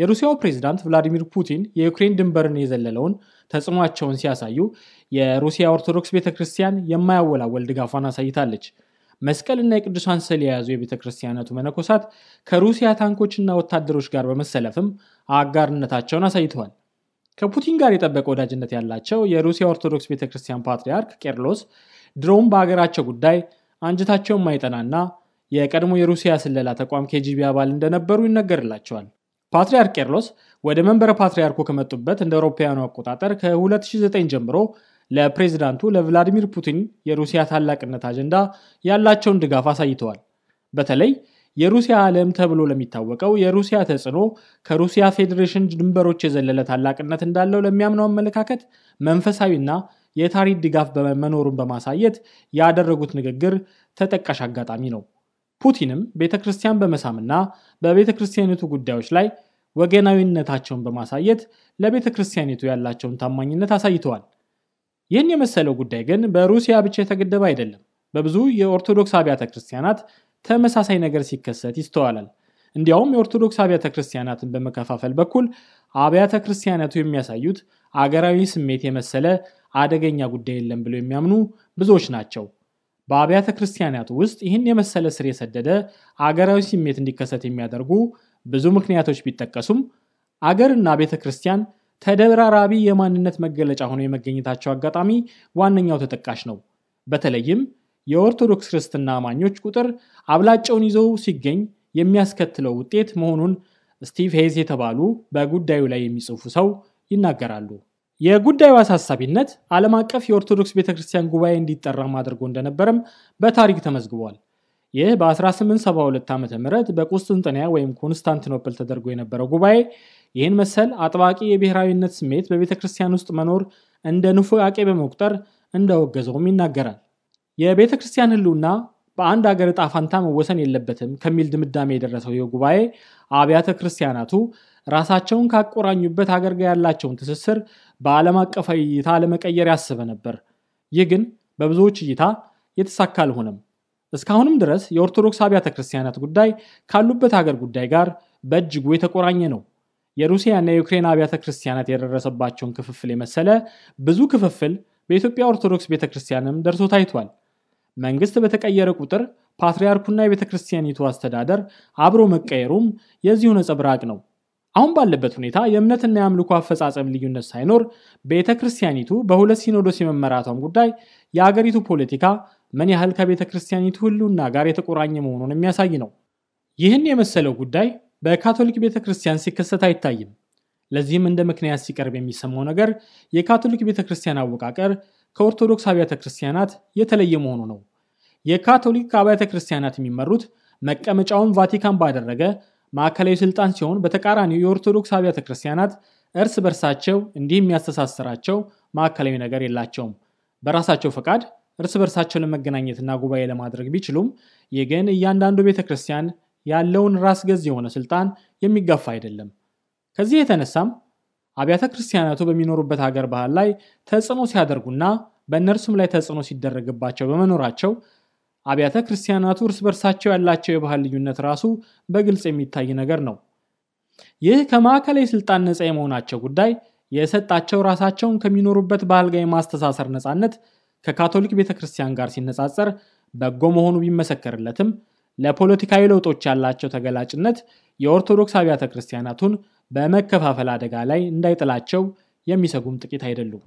የሩሲያው ፕሬዝዳንት ቭላዲሚር ፑቲን የዩክሬን ድንበርን የዘለለውን ተጽዕኖቸውን ሲያሳዩ የሩሲያ ኦርቶዶክስ ቤተክርስቲያን የማያወላወል ድጋፏን አሳይታለች። መስቀልና የቅዱሳን ስል የያዙ የቤተክርስቲያነቱ መነኮሳት ከሩሲያ ታንኮችና ወታደሮች ጋር በመሰለፍም አጋርነታቸውን አሳይተዋል። ከፑቲን ጋር የጠበቀ ወዳጅነት ያላቸው የሩሲያ ኦርቶዶክስ ቤተክርስቲያን ፓትሪያርክ ፓትርያርክ ቄርሎስ ድሮም በሀገራቸው ጉዳይ አንጀታቸውን ማይጠናና የቀድሞ የሩሲያ ስለላ ተቋም ኬጂቢ አባል እንደነበሩ ይነገርላቸዋል። ፓትርያርክ ቄርሎስ ወደ መንበረ ፓትርያርኩ ከመጡበት እንደ አውሮፓውያኑ አቆጣጠር ከ2009 ጀምሮ ለፕሬዝዳንቱ ለቭላዲሚር ፑቲን የሩሲያ ታላቅነት አጀንዳ ያላቸውን ድጋፍ አሳይተዋል። በተለይ የሩሲያ ዓለም ተብሎ ለሚታወቀው የሩሲያ ተጽዕኖ ከሩሲያ ፌዴሬሽን ድንበሮች የዘለለ ታላቅነት እንዳለው ለሚያምነው አመለካከት መንፈሳዊና የታሪክ ድጋፍ መኖሩን በማሳየት ያደረጉት ንግግር ተጠቃሽ አጋጣሚ ነው። ፑቲንም ቤተ ክርስቲያን በመሳምና በቤተ ክርስቲያኒቱ ጉዳዮች ላይ ወገናዊነታቸውን በማሳየት ለቤተ ክርስቲያኒቱ ያላቸውን ታማኝነት አሳይተዋል። ይህን የመሰለው ጉዳይ ግን በሩሲያ ብቻ የተገደበ አይደለም። በብዙ የኦርቶዶክስ አብያተ ክርስቲያናት ተመሳሳይ ነገር ሲከሰት ይስተዋላል። እንዲያውም የኦርቶዶክስ አብያተ ክርስቲያናትን በመከፋፈል በኩል አብያተ ክርስቲያናቱ የሚያሳዩት አገራዊ ስሜት የመሰለ አደገኛ ጉዳይ የለም ብለው የሚያምኑ ብዙዎች ናቸው። በአብያተ ክርስቲያናቱ ውስጥ ይህን የመሰለ ስር የሰደደ አገራዊ ስሜት እንዲከሰት የሚያደርጉ ብዙ ምክንያቶች ቢጠቀሱም አገርና ቤተ ክርስቲያን ተደራራቢ የማንነት መገለጫ ሆኖ የመገኘታቸው አጋጣሚ ዋነኛው ተጠቃሽ ነው። በተለይም የኦርቶዶክስ ክርስትና አማኞች ቁጥር አብላጫውን ይዘው ሲገኝ የሚያስከትለው ውጤት መሆኑን ስቲቭ ሄዝ የተባሉ በጉዳዩ ላይ የሚጽፉ ሰው ይናገራሉ። የጉዳዩ አሳሳቢነት ዓለም አቀፍ የኦርቶዶክስ ቤተክርስቲያን ጉባኤ እንዲጠራም አድርጎ እንደነበረም በታሪክ ተመዝግቧል። ይህ በ1872 ዓ ም በቁስጥንጥንያ ወይም ኮንስታንቲኖፕል ተደርጎ የነበረው ጉባኤ ይህን መሰል አጥባቂ የብሔራዊነት ስሜት በቤተ ክርስቲያን ውስጥ መኖር እንደ ንፉቃቄ በመቁጠር እንዳወገዘውም ይናገራል። የቤተ ክርስቲያን ሕልውና በአንድ አገር ጣፋንታ መወሰን የለበትም ከሚል ድምዳሜ የደረሰው ይህ ጉባኤ አብያተ ክርስቲያናቱ ራሳቸውን ካቆራኙበት አገር ጋር ያላቸውን ትስስር በዓለም አቀፋዊ እይታ ለመቀየር ያስበ ነበር። ይህ ግን በብዙዎች እይታ የተሳካ አልሆነም። እስካሁንም ድረስ የኦርቶዶክስ አብያተ ክርስቲያናት ጉዳይ ካሉበት ሀገር ጉዳይ ጋር በእጅጉ የተቆራኘ ነው። የሩሲያና የዩክሬን አብያተ ክርስቲያናት የደረሰባቸውን ክፍፍል የመሰለ ብዙ ክፍፍል በኢትዮጵያ ኦርቶዶክስ ቤተ ክርስቲያንም ደርሶ ታይቷል። መንግስት በተቀየረ ቁጥር ፓትርያርኩና የቤተ ክርስቲያኒቱ አስተዳደር አብሮ መቀየሩም የዚሁ ነጸብራቅ ነው። አሁን ባለበት ሁኔታ የእምነትና የአምልኮ አፈጻጸም ልዩነት ሳይኖር ቤተ ክርስቲያኒቱ በሁለት ሲኖዶስ የመመራቷም ጉዳይ የአገሪቱ ፖለቲካ ምን ያህል ከቤተ ክርስቲያኒቱ ጋር የተቆራኘ መሆኑን የሚያሳይ ነው። ይህን የመሰለው ጉዳይ በካቶሊክ ቤተ ክርስቲያን ሲከሰት አይታይም። ለዚህም እንደ ምክንያት ሲቀርብ የሚሰማው ነገር የካቶሊክ ቤተ ክርስቲያን አወቃቀር ከኦርቶዶክስ አብያተ ክርስቲያናት የተለየ መሆኑ ነው። የካቶሊክ አብያተ ክርስቲያናት የሚመሩት መቀመጫውን ቫቲካን ባደረገ ማዕከላዊ ስልጣን ሲሆን በተቃራኒው የኦርቶዶክስ አብያተ ክርስቲያናት እርስ በርሳቸው እንዲህ የሚያስተሳስራቸው ማዕከላዊ ነገር የላቸውም። በራሳቸው ፈቃድ እርስ በርሳቸው ለመገናኘትና ጉባኤ ለማድረግ ቢችሉም ይህ ግን እያንዳንዱ ቤተ ክርስቲያን ያለውን ራስ ገዝ የሆነ ስልጣን የሚጋፋ አይደለም። ከዚህ የተነሳም አብያተ ክርስቲያናቱ በሚኖሩበት ሀገር ባህል ላይ ተጽዕኖ ሲያደርጉና በእነርሱም ላይ ተጽዕኖ ሲደረግባቸው በመኖራቸው አብያተ ክርስቲያናቱ እርስ በርሳቸው ያላቸው የባህል ልዩነት ራሱ በግልጽ የሚታይ ነገር ነው። ይህ ከማዕከላዊ ስልጣን ነፃ የመሆናቸው ጉዳይ የሰጣቸው ራሳቸውን ከሚኖሩበት ባህል ጋር የማስተሳሰር ነፃነት ከካቶሊክ ቤተ ክርስቲያን ጋር ሲነጻጸር በጎ መሆኑ ቢመሰከርለትም ለፖለቲካዊ ለውጦች ያላቸው ተገላጭነት የኦርቶዶክስ አብያተ ክርስቲያናቱን በመከፋፈል አደጋ ላይ እንዳይጥላቸው የሚሰጉም ጥቂት አይደሉም።